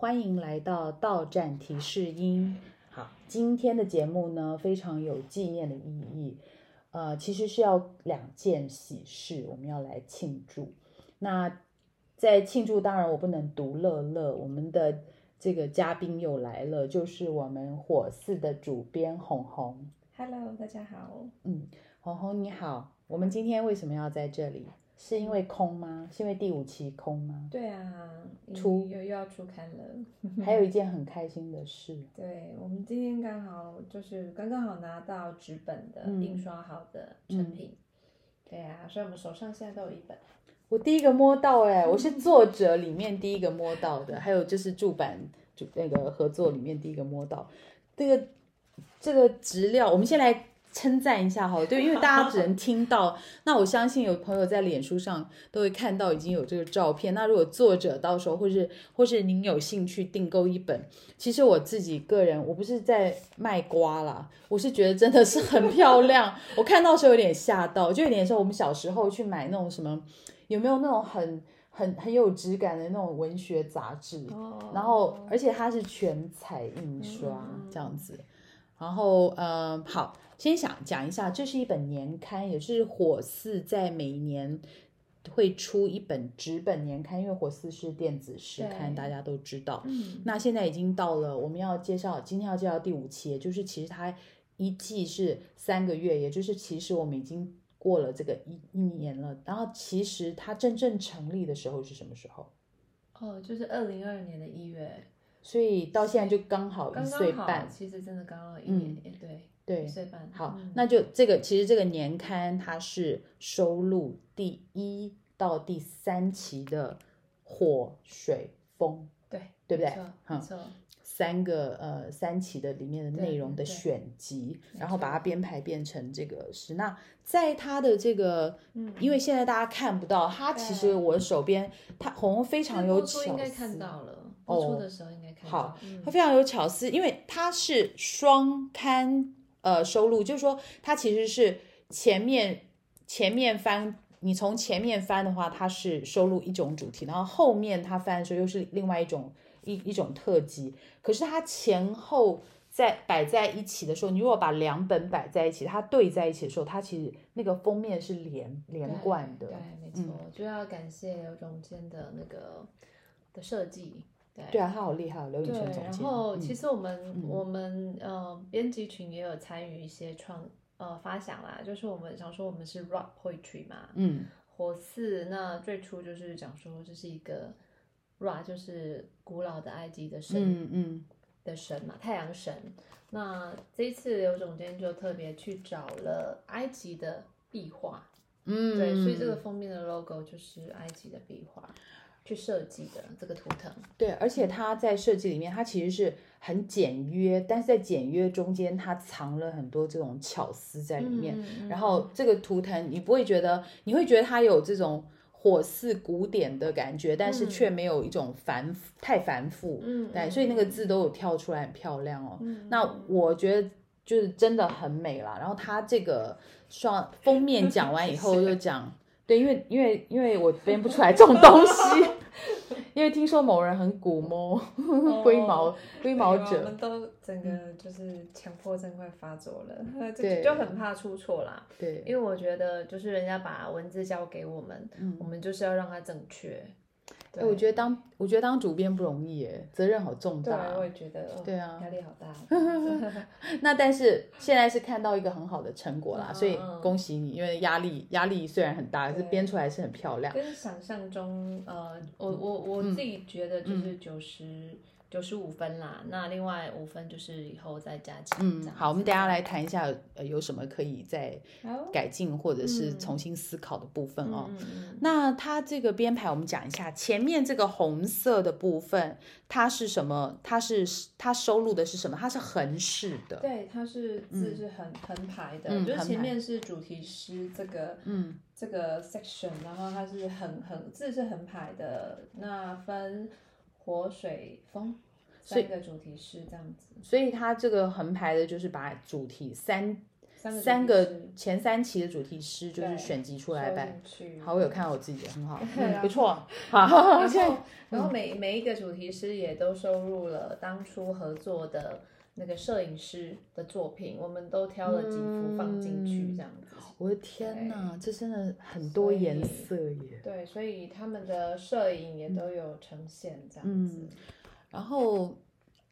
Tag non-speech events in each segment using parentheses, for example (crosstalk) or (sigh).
歡迎來到到站提示音。好，今天的節目呢，非常有紀念的意義，呃，其實是要兩件喜事，我們要來慶祝。那在慶祝，當然我不能獨樂樂，我們的這個嘉賓又來了，就是我們火寺的主編紅紅。Hello，大家好。嗯，紅紅你好，我們今天為什麼要在這裡？是因為空嗎？是因為第五期空嗎？對啊，出又、嗯、又要出刊了。 (laughs) 還有一件很開心的事，對，我們今天剛好就是剛剛好拿到紙本的印刷好的成品。嗯嗯、對啊，所以我們手上現在都有一本。我第一個摸到哎、欸，我是作者裡面第一個摸到的， (laughs) 還有就是著版就那個合作裡面第一個摸到。這個這個資料，我們先來。稱讚一下哈，對，因為大家只能聽到。 (laughs) 那我相信有朋友在臉書上都會看到已經有這個照片。那如果作者到時候或是或是您有興趣訂購一本，其實我自己個人我不是在賣瓜啦，我是覺得真的是很漂亮。 (laughs) 我看到時候有點嚇到，就有點像我們小時候去買那種什麼，有沒有那種很很很有質感的那種文學雜誌？Oh. 然後而且它是全彩印刷，Oh. 這樣子。然後嗯、呃，好。先想講一下，這是一本年刊，也是火寺在每一年會出一本紙本年刊，因為火寺是電子詩刊，大家都知道、嗯。那現在已經到了我們要介紹，今天要介紹第五期，也就是其實它一季是三個月，也就是其實我們已經過了這個一一年了。然後其實它真正、正成立的時候是什麼時候？哦，就是二零二二年的一月，所以到現在就剛好一歲半，剛剛其實真的剛、剛好一年。對、嗯。嗯對，好，那就這個其實這個年刊它，是收錄第一到第三期的火水風，對對不對？沒錯，嗯、三個呃三期的裡面的內容的選集，然後把它編排變成這個。是那，在他的這個、嗯，因為現在大家看不到，他其實我的手邊他紅紅非常有巧思，看，應該看到了播出的時候應該看到，哦，好，他、嗯、非常有巧思，因為他是雙刊。呃，收錄就是說，它其實是前面前面翻，你從前面翻的話，它是收錄一種主題，然後後面它翻的時候又是另外一種一一種特輯。可是它前後在擺在一起的時候，你如果把兩本擺在一起，它對在一起的時候，它其實那個封面是連連貫的。對，對沒錯，嗯，就要感謝劉總監的那個的設計。對啊，他好厲害哦，劉宇辰總監。對，然後其實我們、嗯、我們呃編輯群也有參與一些創呃發想啦，就是我們常說我們是 Ra Poetry 嘛，嗯，火寺那最初就是講說這是一個 Ra 就是古老的埃及的神嗯，嗯的神嘛太陽神，那這一次劉總監就特別去找了埃及的壁畫，嗯，對，所以這個封面的 logo 就是埃及的壁畫。嗯去設計的這個圖騰，對，而且它在設計裡面，它其實是很簡約，但是在簡約中間，它藏了很多這種巧思在裡面。嗯、然後這個圖騰，你不會覺得，你會覺得它有這種火似古典的感覺，但是卻沒有一種繁太繁複，嗯，對嗯，所以那個字都有跳出來，很漂亮哦、嗯。那我覺得就是真的很美啦。然後它這個雙封面講完以後又講， (laughs) 對，因為因為因為我編不出來這種東西。 (laughs) (laughs) 因為聽說某人很古摸龜，oh, (laughs) 龜毛，龜 (laughs) 毛者，我們都整個就是強迫症快發作了，嗯、 (laughs) 就，就很怕出錯啦。對，因為我覺得就是人家把文字交給我們，我們就是要讓它正確。嗯 (laughs) 哎，我覺得當我覺得當主編不容易哎，責任好重大、啊。對，我也覺得、哦。對啊，壓力好大。 (laughs) (laughs) 那但是現在是看到一個很好的成果啦，嗯、所以恭喜你，因為壓力壓力雖然很大，可是編出來是很漂亮。跟想象中，呃，我我我自己覺得就是九十、嗯。嗯九十五分啦，那另外五分就是以後再加精。嗯，好，我們等下來談一下，呃，有什麼可以再改進或者是重新思考的部分哦。嗯、那它這個編排，我們講一下前面這個紅色的部分，它是什麼？它是它收錄的是什麼？它是橫式的。對，它是字是橫、嗯、橫排的。橫排，就前面是主題詩這個嗯這個 section，然後它是橫橫字是橫排的，那分。火水、風，三個主題詩這樣子，所以它這個橫排的就是把主題三三個，主題三個前三期的主題詩就是選集出來唄。好，我有看到我自己的，很好，嗯、不錯。好，然後好 okay, 然後每、嗯、每一個主題詩也都收入了當初合作的。那個攝影師的作品，我們都挑了幾幅放進去，嗯、這樣子。我的天哪，這真的很多顏色耶！對，所以他們的攝影也都有呈現、嗯、這樣子、嗯。然後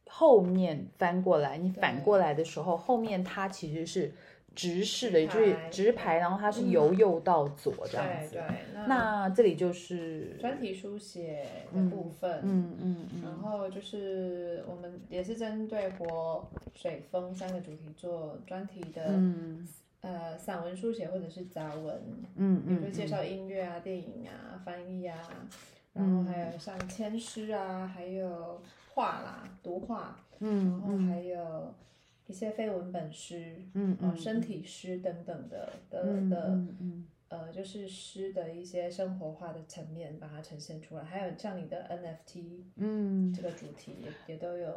後面翻過來，你反過來的時候，後面它其實是，直式的，也就是直排，然後它是由右到左這樣子。嗯、對對。那，那這裡就是專題書寫的部分，嗯嗯、嗯、嗯，然後就是我們也是針對火、水、風三個主題做專題的，嗯、呃，散文書寫或者是雜文，嗯嗯，比如說介紹音樂啊、嗯、電影啊、翻譯啊，嗯、然後還有像籤詩啊，還有畫啦，讀畫，嗯，然後還有。一些非文本詩，嗯，哦，嗯、身體詩等等的、嗯、的的、嗯嗯，呃，就是詩的一些生活化的層面，把它呈現出來。還有像你的 NFT，嗯，這個主題也、嗯、也都有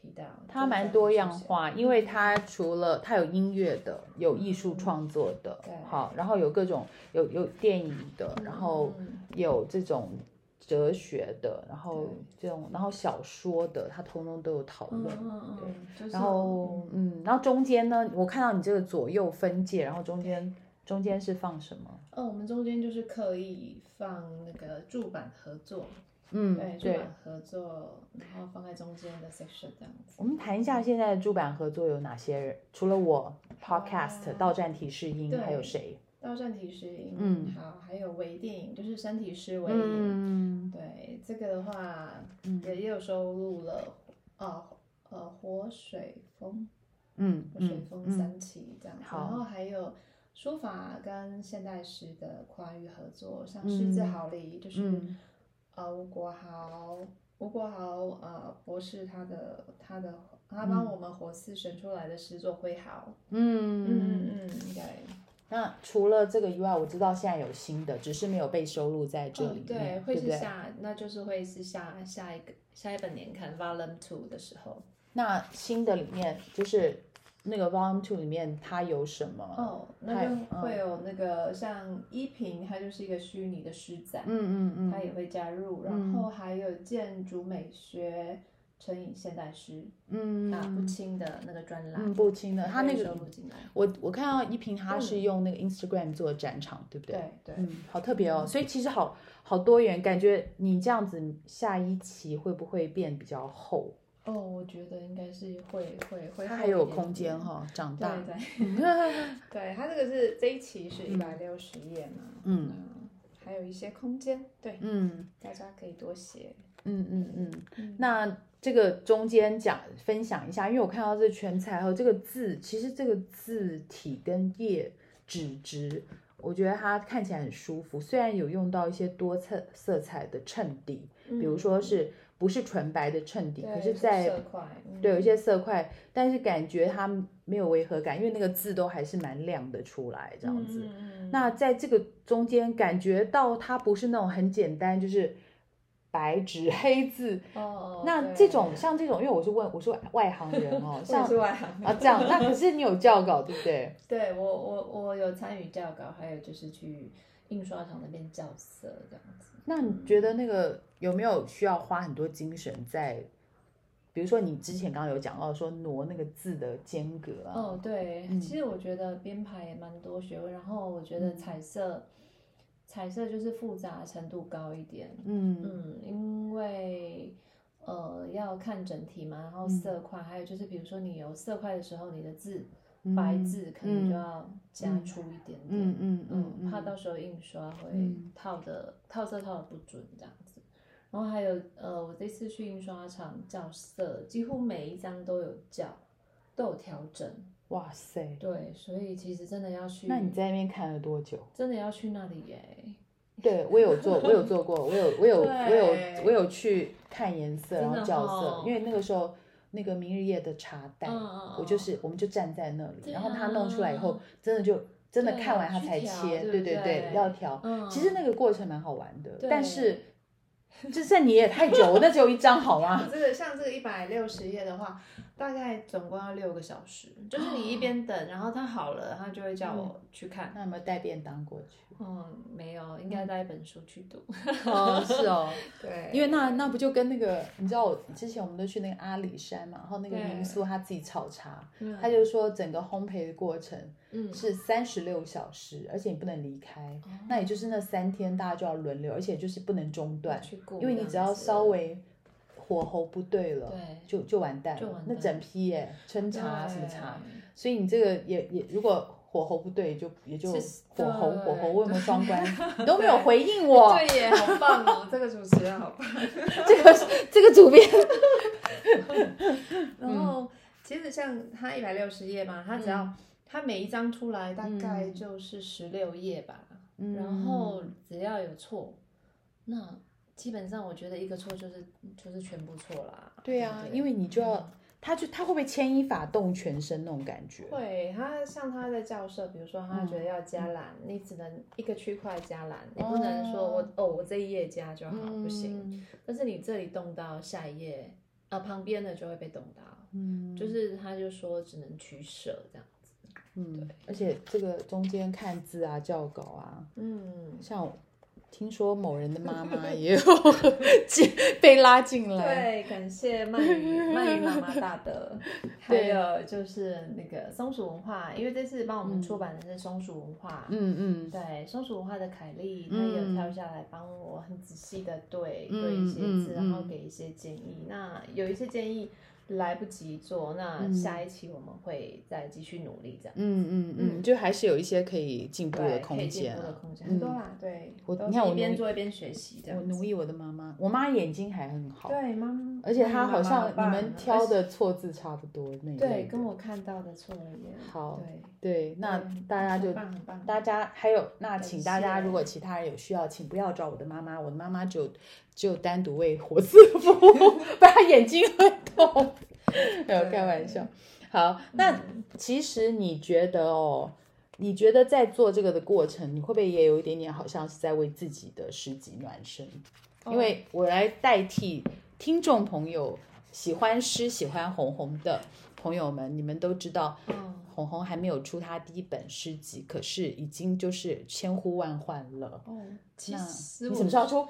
提到。它蠻多樣化，因為它除了它有音樂的，有藝術創作的、嗯，好，然後有各種有有電影的、嗯，然後有這種。哲學的，然後這種，然後小說的，他通通都有討論，嗯、對、就是。然後，嗯，然後中間呢，我看到你這個左右分界，然後中間中間是放什麼？哦，我們中間就是刻意放那個助板合作，嗯，對，助板合作，然後放在中間的 section 這樣子。我們談一下現在的助板合作有哪些人？除了我 podcast 啊、到站提示音，還有誰？道聖體詩吟，嗯，好，還有微電影，就是身體詩微影。對這個的話，嗯、也也有收錄了，呃呃，火水風，嗯，火水風三期、嗯、這樣子，然後還有書法跟現代詩的跨域合作，像詩子豪禮、嗯、就是、嗯，呃，吳國豪，吳國豪，呃，博士他的他的、嗯、他幫我們火寺選出來的詩作揮毫，嗯嗯嗯嗯，應、嗯、該。嗯那除了這個以外，我知道現在有新的，只是沒有被收錄在這裡，嗯、對，對，對，會是下，那就是會是下下一個下一本年刊 Volume 2的時候。那新的裡面就是那個 Volume 2裡面它有什麼？哦，那就會有那個像依萍、嗯，它就是一個虛擬的詩社。嗯嗯嗯，它也會加入、嗯，然後還有建築美學。所以現在是嗯，不清的那個專欄，嗯，嗯不清的，他那個收錄進來，我我看到一萍，他是用那個 Instagram 做展場，嗯，對不對？對對，嗯，好特別哦，嗯。所以其實好好多元，感覺你這樣子下一期會不會變比較厚？哦，我覺得應該是會會會，它還有空間哈，長大。對，它 (laughs) (laughs) 這個是這一期是一百六十頁嘛？嗯，還有一些空間，對，嗯，大家可以多寫。嗯嗯嗯，那。這個中間講分享一下，因為我看到這全彩和這個字，其實這個字體跟頁紙質，我覺得它看起來很舒服。雖然有用到一些多色色彩的襯底，比如說是不是純白的襯底？嗯嗯，可是在對，色塊對，有一些色塊嗯嗯，但是感覺它沒有違和感，因為那個字都還是蠻亮的出來這樣子嗯嗯嗯。那在這個中間感覺到它不是那種很簡單，就是。白紙黑字，oh, oh, 那這種像這種，因為我是問我是外，外行人哦， (laughs) 像我是外行啊，這樣那可是你有校稿，對不對？對，我我我有參與校稿，還有就是去印刷廠那邊校色這樣子。那你覺得那個、嗯、有沒有需要花很多精神在？比如說你之前剛剛有講到說挪那個字的間隔啊，哦、oh, 對、嗯，其實我覺得編排也蠻多學問，然後我覺得彩色。彩色就是複雜的程度高一點，嗯，嗯因為呃要看整體嘛，然後色塊、嗯，還有就是比如說你有色塊的時候，你的字、嗯，白字可能就要加粗一點點，嗯嗯，嗯，嗯，嗯，嗯，怕到時候印刷會套的、嗯、套色套的不準這樣子，然後還有呃我這次去印刷廠校色，幾乎每一張都有校，都有調整。哇塞！對，所以其實真的要去。那你在那邊看了多久？真的要去那裡耶！對，我有做，我有做過， (laughs) 我有，我有，我有，我有去看顏色、哦，然後校色，因為那個時候那個《明日夜》的茶蛋、哦，我就是，我們就站在那裡，然後他弄出來以後，真的就真的看完他才切，對對對，對，對，要調、嗯。其實那個過程蠻好玩的，但是就算你也太久了，我那 (laughs) 只有一張好嗎？真的、這個，像這個一百六十頁的話。大概總共要六個小時，就是你一邊等，然後他好了，他就會叫我去看。嗯、那有沒有帶便當過去？嗯，沒有，應該帶一本書去讀。嗯、 (laughs) 哦，是哦，對，因為那那不就跟那個，你知道我之前我們都去那個阿里山嘛，然後那個民宿他自己炒茶，他就說整個烘焙的過程是三十六小時、嗯，而且你不能離開、哦，那也就是那三天大家就要輪流，而且就是不能中斷，因為你只要稍微。火候不對了，對，就就完蛋了，就完蛋了。那整批耶，春茶什麼茶？所以你這個也也，如果火候不對，就也就火候、就是、火候火候。我有沒有雙關？你都沒有回應我。對耶，也好棒哦， (laughs) 這個主持人好棒。 (laughs) 這個這個主編。 (laughs) (laughs) 然後、嗯、其實像他一百六十頁嘛，他只要、嗯、他每一張出來大概就是十六頁吧。嗯、然後只、嗯、要有錯，那。基本上我覺得一個錯就是就是全部錯啦。對啊對對，因為你就要，嗯、他就他會不會牽一髮動全身那種感覺？會，他像他在教授比如說他覺得要加藍、嗯，你只能一個區塊加藍、嗯，你不能說我哦我這一頁加就好、嗯，不行。但是你這裡動到下一頁啊旁邊的就會被動到，嗯，就是他就說只能取捨這樣子，嗯對。而且這個中間看字啊校稿啊，嗯像。聽說某人的媽媽也有進 (laughs) 被拉進來，對，感謝漫漁漫漁媽媽大德，還有就是那個松鼠文化，因為這次幫我們出版的是松鼠文化，嗯嗯，對，松鼠文化的凱麗，她、嗯、也有跳下來幫我很仔細的對、嗯、對一些字、嗯，然後給一些建議，嗯、那有一些建議。來不及做，那下一期我們會再繼續努力的。嗯嗯嗯，就還是有一些可以進步的空間、啊。進步的空間、嗯、很多啦，對。我你看，我一邊做一邊學習，我，我努力，我的媽媽。我媽眼睛還很好。對媽媽。而且她好像你們挑的錯字差不多那。對，跟我看到的錯的也。好。對，對那大家就，大家棒棒還有那，請大家謝謝，如果其他人有需要，請不要找我的媽媽，我的媽媽就。就單獨為火寺服， (laughs) (laughs) 把他眼睛會痛。沒 (laughs) (laughs) 有開玩笑。好、嗯，那其實你覺得哦，你覺得在做這個的過程，你會不會也有一點點好像是在為自己的詩集暖身？因為我來代替聽眾朋友，喜歡詩，喜歡紅紅的，朋友們，你們都知道，oh. 紅紅還沒有出她第一本詩集，可是已經就是千呼萬喚了。哦、oh.，那什麼時候出？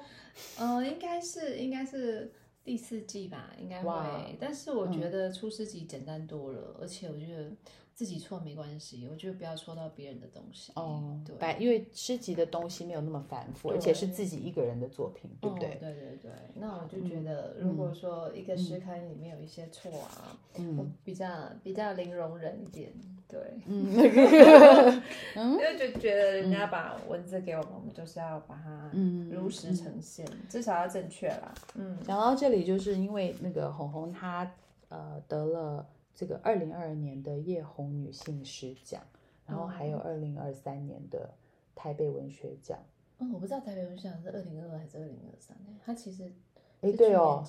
嗯、呃，應該是應該是第四季吧，應該會。Wow. 但是我覺得出詩集簡單多了、嗯，而且我覺得。自己錯沒關係，我就不要戳到別人的東西哦。Oh, 對，因為詩集的東西沒有那麼繁複，而且是自己一個人的作品，對,對不對、哦？對對對。那我就覺得，如果說一個詩刊裡面有一些錯啊，嗯、我比較、嗯、比較零容忍一點。對，嗯，因 (laughs) 為 (laughs) (laughs) (laughs) (laughs) 就覺得人家把文字給我們，我、嗯、們就是要把它如實呈現，嗯、至少要正確啦。嗯，講到這裡，就是因為那個紅紅她呃得了。這個二零二二年的葉紅女性詩獎，然後還有二零二三年的台北文學獎。嗯、哦，我不知道台北文學獎是二零二二還是二零二三年。他其實哎對哦，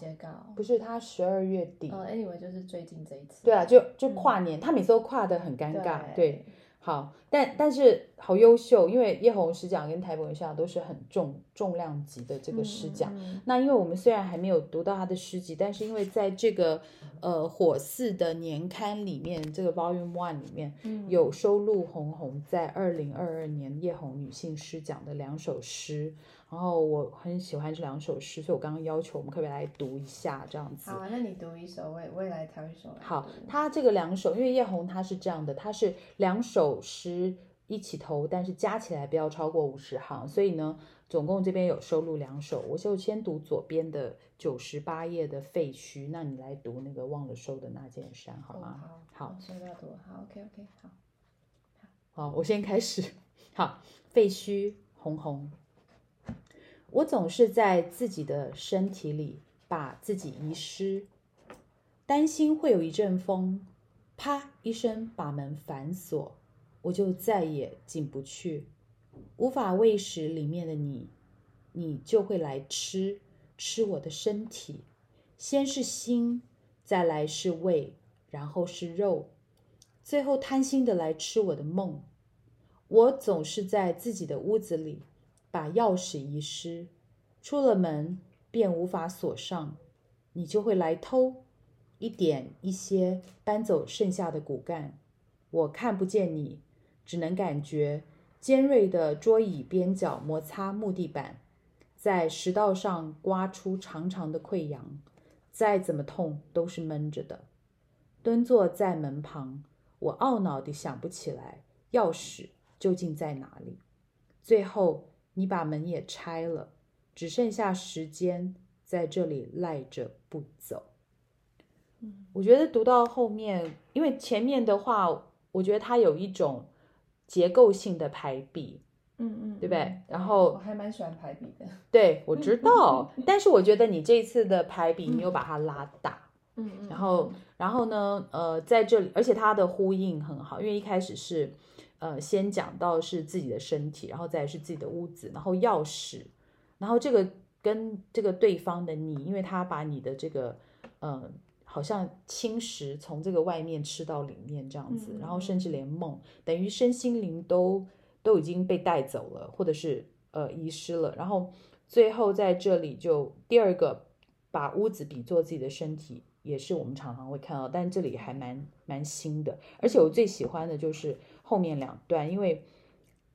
不是他，十二月底。哦，anyway、哎、就是最近這一次。對啊，就就跨年，嗯、他每次都跨得很尷尬，對。對好，但但是好優秀，因為葉紅詩獎跟台北文學獎都是很重重量級的這個詩獎、嗯。那因為我們雖然還沒有讀到他的詩集，但是因為在這個呃火寺的年刊裡面，這個 Volume One 裡面、嗯、有收錄紅紅在二零二二年葉紅女性詩獎的兩首詩。然後我很喜歡這兩首詩，所以我剛剛要求我們可不可以來讀一下這樣子。好啊，那你讀一首，我也我也來挑一首。好，它這個兩首，因為葉紅他是這樣的，他是兩首詩一起投，但是加起來不要超過五十行、嗯，所以呢，總共這邊有收錄兩首，我就先讀左邊的九十八頁的廢墟、哦，那你來讀那個忘了收的那件衫，好嗎？哦、好，好，先不要讀。好，OK OK，好，好，我先開始。好，廢墟，紅紅。我總是在自己的身體裡把自己遺失，擔心會有一陣風，啪一聲把門反鎖，我就再也進不去，無法餵食裡面的你，你就會來吃，吃我的身體，先是心，再來是胃，然後是肉，最後貪心的來吃我的夢。我總是在自己的屋子裡。把鑰匙遺失，出了門便無法鎖上，你就會來偷，一點一些搬走剩下的骨幹。我看不見你，只能感覺尖銳的桌椅邊角摩擦木地板，在食道上刮出長長的潰瘍。再怎麼痛都是悶着的。蹲坐在門旁，我懊惱地想不起來鑰匙究竟在哪裡。最後。你把門也拆了，只剩下時間在這裡賴着不走。嗯，我覺得讀到後面，因為前面的話，我覺得它有一種結構性的排比。嗯嗯，對不對？嗯、然後我還蠻喜歡排比的。對，我知道，嗯、但是我覺得你這一次的排比，你又把它拉大。嗯嗯。然後、嗯，然後呢？呃，在這裡，而且它的呼應很好，因為一開始是。呃，先講到是自己的身體，然後再是自己的屋子，然後鑰匙，然後這個跟這個對方的你，因為他把你的這個，嗯、呃，好像侵蝕從這個外面吃到裡面這樣子，然後甚至連夢，等於身心靈都都已經被帶走了，或者是呃遺失了，然後最後在這裡就第二個把屋子比作自己的身體，也是我們常常會看到，但這裡還蠻蠻新的，而且我最喜歡的就是。後面兩段，因為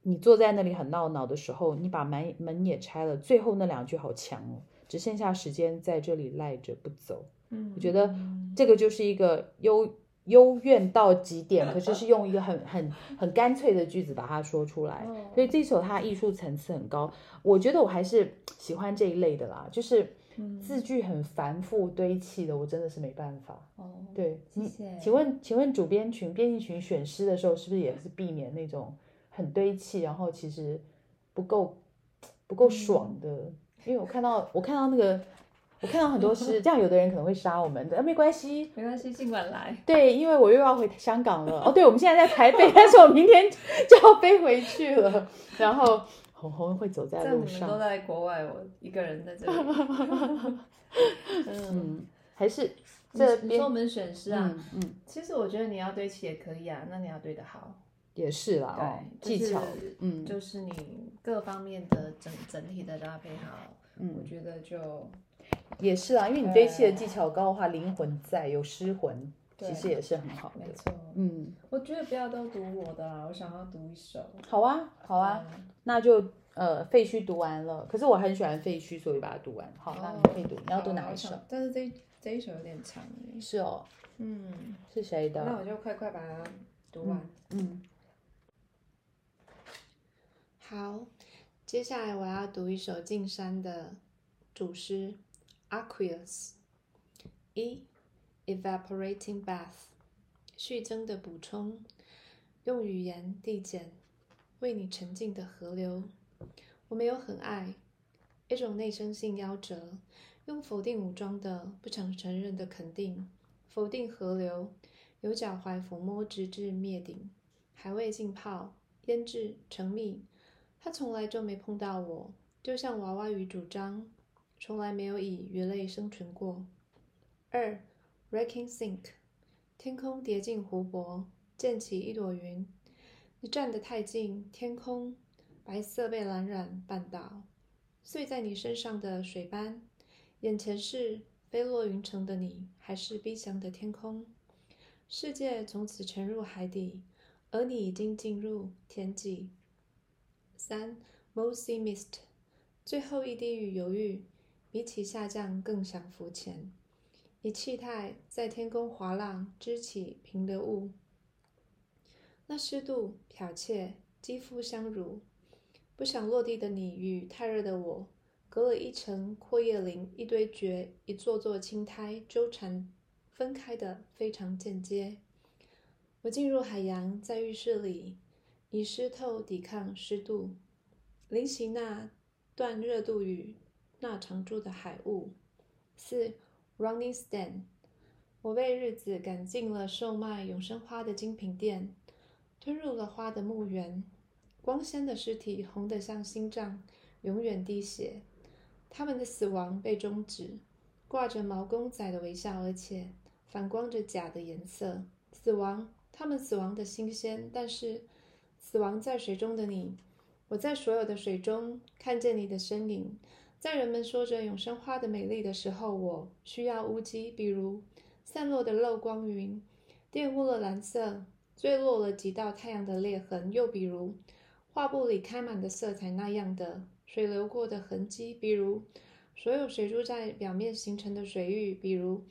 你坐在那裡很鬧鬧的時候，你把門門也拆了。最後那兩句好強哦，只剩下時間在這裡賴着不走。嗯，我覺得這個就是一個幽幽怨到極點，可是是用一個很很很乾脆的句子把它說出來。嗯，所以這首它藝術層次很高，我覺得我還是喜歡這一類的啦，就是。字句很繁複堆砌的，我真的是沒辦法。哦，對，謝，謝你請問，請問主編群、編輯群選詩的時候，是不是也是避免那種很堆砌，然後其實不夠不夠爽的、嗯？因為我看到，我看到那個，我看到很多詩， (laughs) 這樣有的人可能會殺我們的、啊，沒關係，沒關係，儘管來。對，因為我又要回香港了。 (laughs) 哦，對，我們現在在台北， (laughs) 但是我明天就要飛回去了。然後。紅紅會走在路上，都在國外，我一個人在這裡。 (laughs) 嗯，還是這邊我們選詩啊。嗯，其實我覺得你要堆砌也可以啊，那你要堆的好。也是啦，對，哦就是、技巧，嗯，就是你各方面的整、嗯、整體的搭配好。嗯，我覺得就也是啊，因為你堆砌的技巧高的話，靈、嗯、魂在，有失魂。其實也是很好的，沒錯。嗯，我覺得不要都讀我的、啊，啦，我想要讀一首。好啊，好啊，嗯、那就呃，廢墟讀完了。可是我很喜歡廢墟，所以把它讀完。好，哦、那你就可以讀，你要讀哪一首？但是這這一首有點長耶。是哦，嗯，是誰的？那我就快快把它讀完。嗯，嗯，好，接下來我要讀一首進山的主詩《Aquarius、e.》一。Evaporating bath，續增的補充，用語言遞減，為你沉浸的河流，我沒有很愛，一種內生性夭折，用否定武裝的不想承認的肯定，否定河流，由腳踝撫摸直至滅頂，還未浸泡醃製成蜜，它從來就沒碰到我，就像娃娃魚主張，從來沒有以魚類生存過。二。Raking sink，天空跌進湖泊，濺起一朵雲。你站得太近，天空白色被藍染絆，絆倒，碎在你身上的水斑。眼前是飛落雲層的你，還是飛翔的天空？世界從此沉入海底，而你已經進入天際。三，Mousy mist，最後一滴雨猶豫，比起下降更想浮潛。以氣態在天空滑浪，支起平流霧。那濕度剽竊肌膚相濡，不想落地的你與太熱的我，隔了一層闊葉林，一堆蕨，一座座青苔糾纏，分開的非常間接。我進入海洋，在浴室裡，以濕透抵抗濕度，臨行那段熱度與那常駐的海霧。四。Running stand，我被日子趕進了售賣永生花的精品店，吞入了花的墓園。光鮮的屍體紅得像心臟，永遠滴血。他們的死亡被終止，掛着毛公仔的微笑，而且反光着假的顏色。死亡，他們死亡的新鮮，但是死亡在水中的你，我在所有的水中看見你的身影。在人們說着永生花的美麗的時候，我需要烏基，比如散落的漏光雲，玷汙了藍色，墜落了幾道太陽的裂痕；又比如畫布裡開滿的色彩那樣的水流過的痕跡，比如所有水珠在表面形成的水域，比如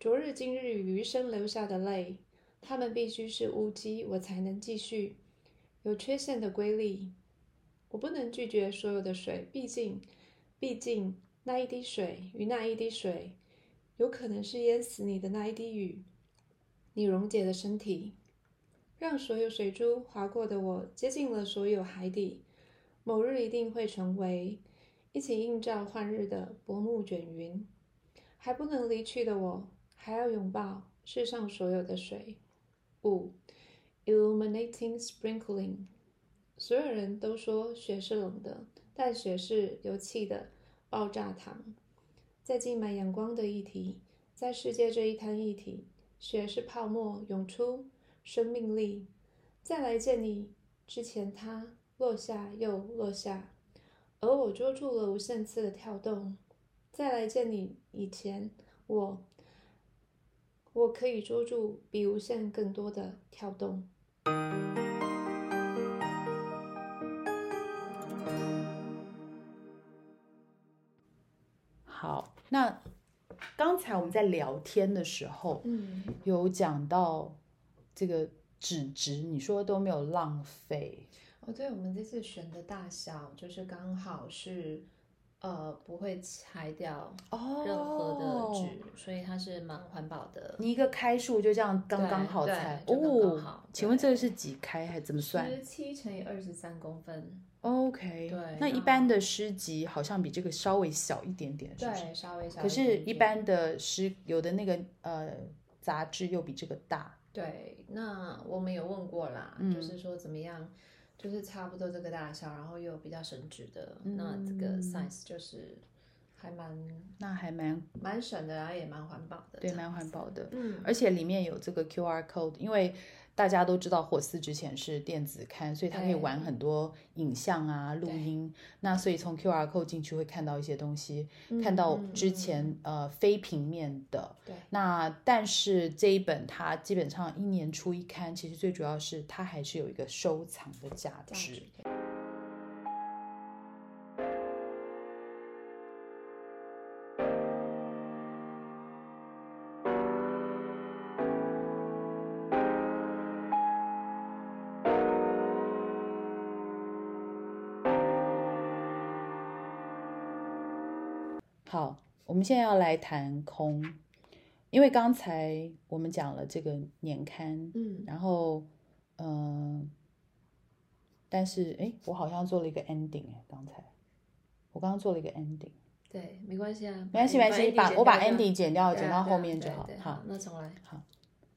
昨日、今日與餘生留下的淚。它們必須是烏基，我才能繼續有缺陷的規律。我不能拒絕所有的水，畢竟。畢竟，那一滴水與那一滴水，有可能是淹死你的那一滴雨。你溶解了身體，讓所有水珠劃過的我接近了所有海底。某日一定會成為一起映照幻日的薄暮卷雲。還不能離去的我，還要擁抱世上所有的水。五，illuminating sprinkling。所有人都說雪是冷的，但雪是有氣的。爆炸糖，在浸滿陽光的議題，在世界這一灘議題，血是泡沫湧出生命力。再來見你之前，它落下又落下，而我捉住了無限次的跳動。再來見你以前，我，我可以捉住比無限更多的跳動。好，那剛才我們在聊天的時候，嗯，有講到這個紙質，你說都沒有浪費哦。對，我們這次選的大小就是剛好是呃不會裁掉任何的紙，哦，所以它是蠻環保的。你一個開數就這樣剛剛好裁剛剛好哦。請問這個是幾開還怎麼算？十七乘以二十三公分。OK，對，那一般的詩集好像比這個稍微小一點點是不是？對，稍微小一點點。可是，一般的詩有的那個呃雜誌又比這個大。對，那我們有問過啦、嗯，就是說怎麼樣，就是差不多這個大小，然後又比較省紙的、嗯，那這個 size 就是還蠻，那還蠻蠻省的，然後也蠻環保的，對，蠻環保的，嗯，而且裡面有這個 QR code，因為。大家都知道，火寺之前是電子刊，所以他可以玩很多影像啊、錄音。那所以從 QR Code 進去會看到一些東西，嗯、看到之前呃、嗯、非平面的對。那但是這一本它基本上一年出一刊，其實最主要是它還是有一個收藏的價值。我們現在要來談空，因為剛才我們講了這個年刊，嗯，然後，嗯、呃，但是誒，我好像做了一個 ending，剛才我剛剛做了一個 ending，對，沒關係啊，沒關係，沒關係，把我把 ending 剪掉，剪掉，剪到後面就好，啊啊啊、好，那重來，好，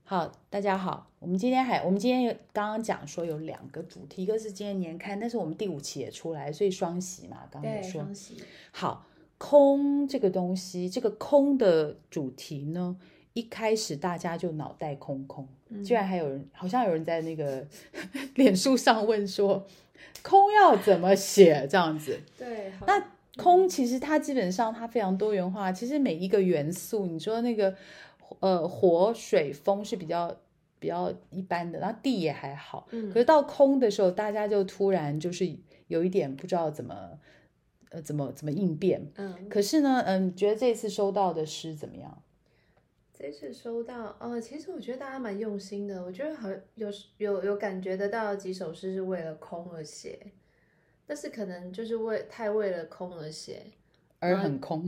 好，大家好，我們今天還，我們今天剛剛講說有兩個主題，一個是今天年刊，但是我們第五期也出來，所以雙喜嘛，剛才說雙喜，好。空這個東西，這個空的主題呢，一開始大家就腦袋空空，嗯、居然還有人，好像有人在那個， (laughs) 臉書上問說，空要怎麼寫這樣子？對，那空其實它基本上它非常多元化，其實每一個元素，你說那個，呃，火水風是比較比較一般的，那地也還好、嗯，可是到空的時候，大家就突然就是有一點不知道怎麼。怎麼怎麼應變？嗯，可是呢，嗯，覺得這次收到的詩怎麼樣？這次收到，哦、呃，其實我覺得大家蠻用心的。我覺得好像有有有感覺得到幾首詩是為了空而寫，但是可能就是為太為了空而寫，而很空。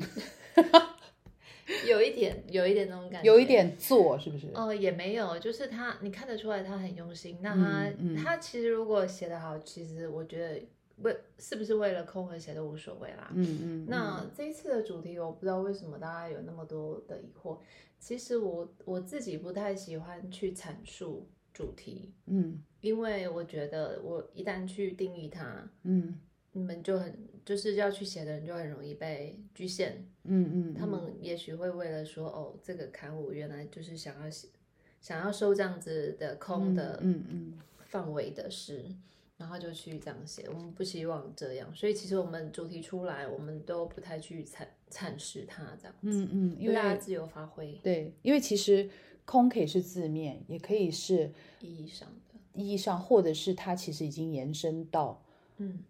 啊、 (laughs) 有一點，有一點那種感覺，有一點做是不是？哦、呃，也沒有，就是他，你看得出來他很用心。嗯、那他、嗯、他其實如果寫得好，其實我覺得。不，是不是為了空和寫都無所謂啦。嗯嗯。那這一次的主題，我不知道為什麼大家有那麼多的疑惑。其實我我自己不太喜歡去闡述主題。嗯。因為我覺得我一旦去定義它，嗯，你們就很就是要去寫的人就很容易被局限。嗯嗯，嗯。他們也許會為了說哦，這個刊物原來就是想要寫想要收這樣子的空的、範圍的嗯嗯範圍的詩。嗯嗯然後就去這樣寫，我們不希望這樣，所以其實我們主題出來，我們都不太去闡闡釋它這樣嗯嗯嗯，嗯因為讓大家自由發揮。對，因為其實空可以是字面，也可以是意義上，意義上的，意義上，或者是它其實已經延伸到，嗯，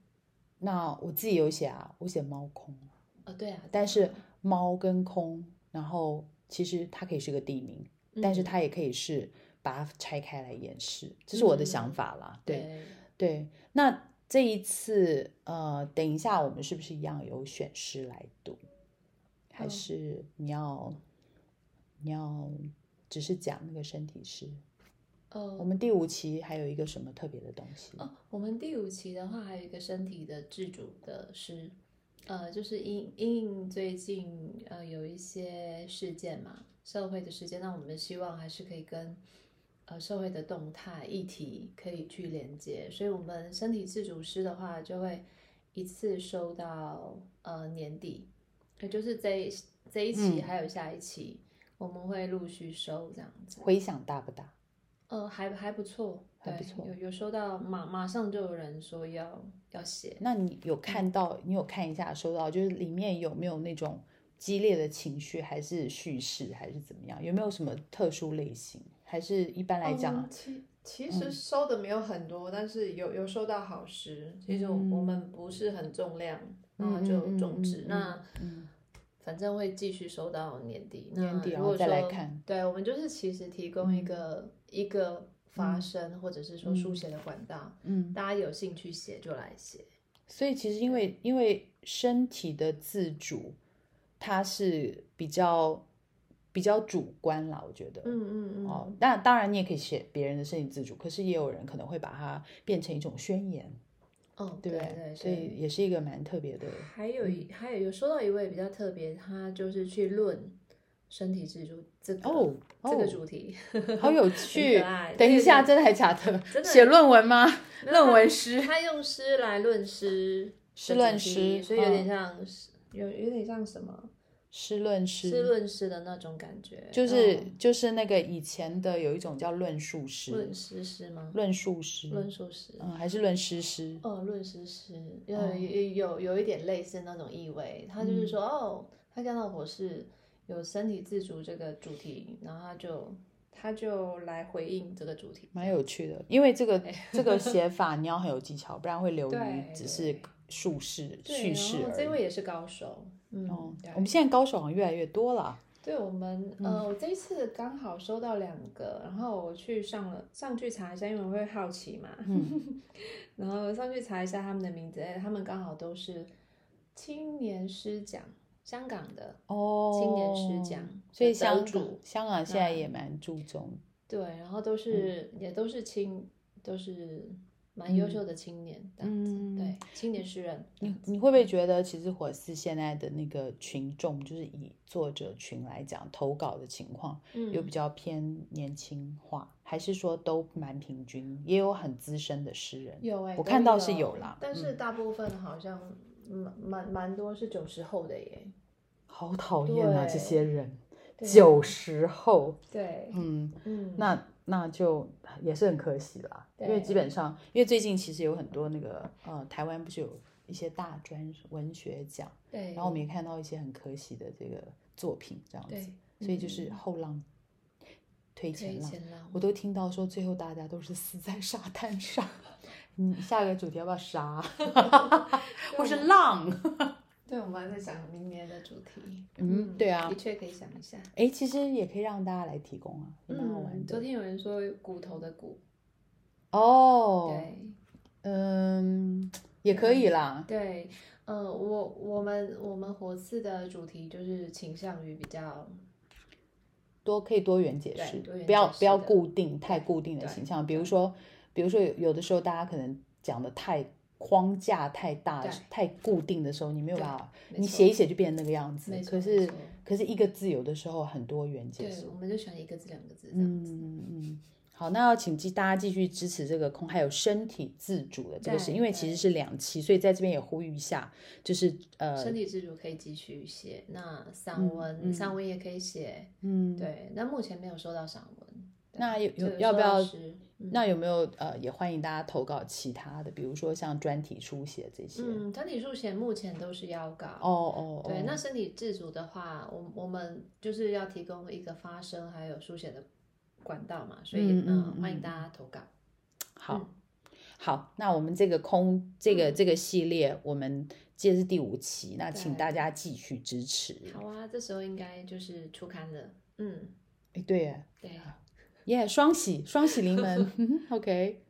那我自己有寫啊，我寫貓空啊，哦，對啊，但是貓跟空，然後其實它可以是個地名，嗯，但是它也可以是把它拆開來演示，這是我的想法啦，嗯，對。對，那這一次，呃，等一下，我們是不是一樣有選詩來讀，還是你要，哦，你要只是講那個身體詩？哦？我們第五期還有一個什麼特別的東西？哦，我們第五期的話還有一個身體的自主的詩，呃，就是因因最近呃有一些事件嘛，社會的事件，那我們希望還是可以跟。呃，社會的動態議題可以去連接，所以我們身體自主師的話，就會一次收到。呃，年底，也就是這這一期還有下一期，我們會陸續收，這樣子。回響大不大？呃，還還不錯，還不錯。有有收到，馬馬上就有人說要要寫。那你有看到？你有看一下收到？就是裡面有沒有那種激烈的情緒，還是敘事，還是怎麼樣？有沒有什麼特殊類型？還是一般來講，嗯、其其實收的沒有很多，嗯、但是有有收到好詩。其實我們不是很重量，嗯、然後就中止、嗯。那、嗯、反正會繼續收到年底，年底然後再來看。對我們就是其實提供一個、嗯、一個發聲或者是說書寫的管道，嗯，大家有興趣寫就來寫。所以其實因為因為身體的自主，它是比較。比較主觀啦，我覺得，嗯嗯嗯，哦，那當然你也可以寫別人的身體自主，可是也有人可能會把它變成一種宣言，嗯、哦，對不對？對對對。所以也是一個蠻特別的。還有一、嗯、還有有說到一位比較特別，他就是去論身體自主這個、哦、這個主題，哦、好有趣。 (laughs) 等一下，點真的還假的？寫論文嗎？論文詩？他用詩來論詩，詩論詩，所以有點像，哦、有有，有點像什麼？詩論詩，詩論詩的那種感覺，就是、嗯、就是那個以前的有一種叫論術詩，論詩詩嗎？論術詩，論術詩，嗯，還是論詩詩？哦，論詩詩，呃、哦，有有，有一點類似那種意味。他就是說，嗯、哦，他看到我是有身體自主這個主題，然後他就他就來回應這個主題，蠻有趣的。因為這個、哎、 (laughs) 這個寫法你要很有技巧，不然會流於只是術士敘事。對，對這位也是高手。哦、嗯，我們現在高手好像越來越多了。對，我們、嗯、呃，我這一次剛好收到兩個，然後我去上了上去查一下，因為我會好奇嘛，嗯、 (laughs) 然後上去查一下他們的名字、哎，他們剛好都是青年詩獎，香港的哦，青年詩獎，哦。所以香港香港現在也蠻注重，嗯、對，然後都是、嗯、也都是青都是。蠻優秀的青年，嗯，這樣子對，青年詩人、嗯。你你會不會覺得，其實火寺現在的那個群眾，就是以作者群來講，投稿的情況，嗯，有比較偏年輕化，還是說都蠻平均，也有很資深的詩人？有哎、欸，我看到是有啦、嗯。但是大部分好像蠻蠻蠻多是九十後的耶。好討厭啊，這些人九十後。對，嗯嗯，嗯，那。那就也是很可惜了，嗯、因為基本上，啊，因為最近其實有很多那個呃，台灣不是有一些大專文學獎，對，然後我們也看到一些很可惜的這個作品這樣子，所以就是後浪、嗯、推、前浪，推前浪，我都聽到說最後大家都是死在沙灘上，你、 (laughs) 嗯、下個主題要不要沙？或 (laughs) (laughs) 是浪。 (laughs) 對，我們還在想明年的主題。嗯，對啊，的確可以想一下。誒，其實也可以讓大家來提供啊，也、嗯、蠻好玩。昨天有人說“骨頭的骨”。哦。對。嗯，也可以啦。對，嗯、呃，我我們我們火寺的主題就是傾向於比較多，可以多元解釋，對，解釋不要不要固定太固定的形象。比如說，比如說有有的時候大家可能講的太。框架太大，太固定的時候，你沒有辦法，你寫一寫就變成那個樣子。可是，可是一個字有的時候很多元解。對，我們就選一個字、兩個字這樣子。嗯嗯好，那要請繼大家繼續支持這個空，還有身體自主的這個事情，因為其實是兩期，所以在這邊也呼籲一下，就是呃，身體自主可以繼續寫，那散文、嗯、散文也可以寫。嗯，對，那目前沒有收到散文。那有有要不要、嗯？那有沒有呃，也歡迎大家投稿其他的，比如說像專題書寫這些。嗯，專題書寫目前都是邀稿。哦哦。對哦，那身體自主的話，我我們就是要提供一個發聲還有書寫的管道嘛，所以嗯，嗯，嗯，歡迎大家投稿、嗯。好，好，那我們這個空這個、嗯、這個系列，我們這是第五期，那請大家繼續支持。嗯、好啊，這時候應該就是出刊了。嗯，誒對呀、啊，對。耶、yeah，雙喜雙喜臨門 (laughs) ，OK。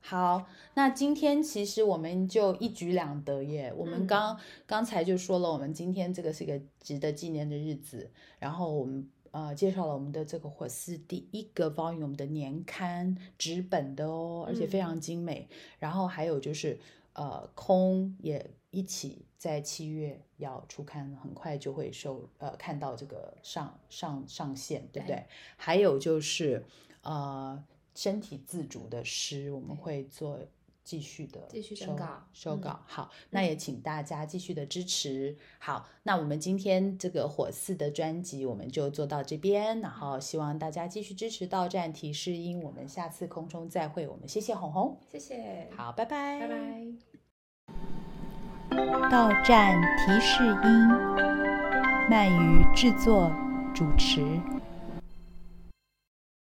好，那今天其實我們就一舉兩得耶。我們剛、嗯、剛才就說了，我們今天這個是一個值得紀念的日子。然後我們呃介紹了我們的這個火寺第一個 volume，我們的年刊紙本的哦，而且非常精美。嗯、然後還有就是呃空也。一起在七月要出刊，很快就會收呃，看到這個上上上線，對不對，對？還有就是呃身體自主的詩，我們會做繼續的繼續收稿，嗯，好，那也請大家繼續的支持，嗯。好，那我們今天這個火寺的專輯我們就做到這邊，嗯、然後希望大家繼續支持到站提示音，嗯，我們下次空中再會，我們謝謝紅紅，謝謝，好，拜拜，拜拜。到站提示音，漫漁製作，主持。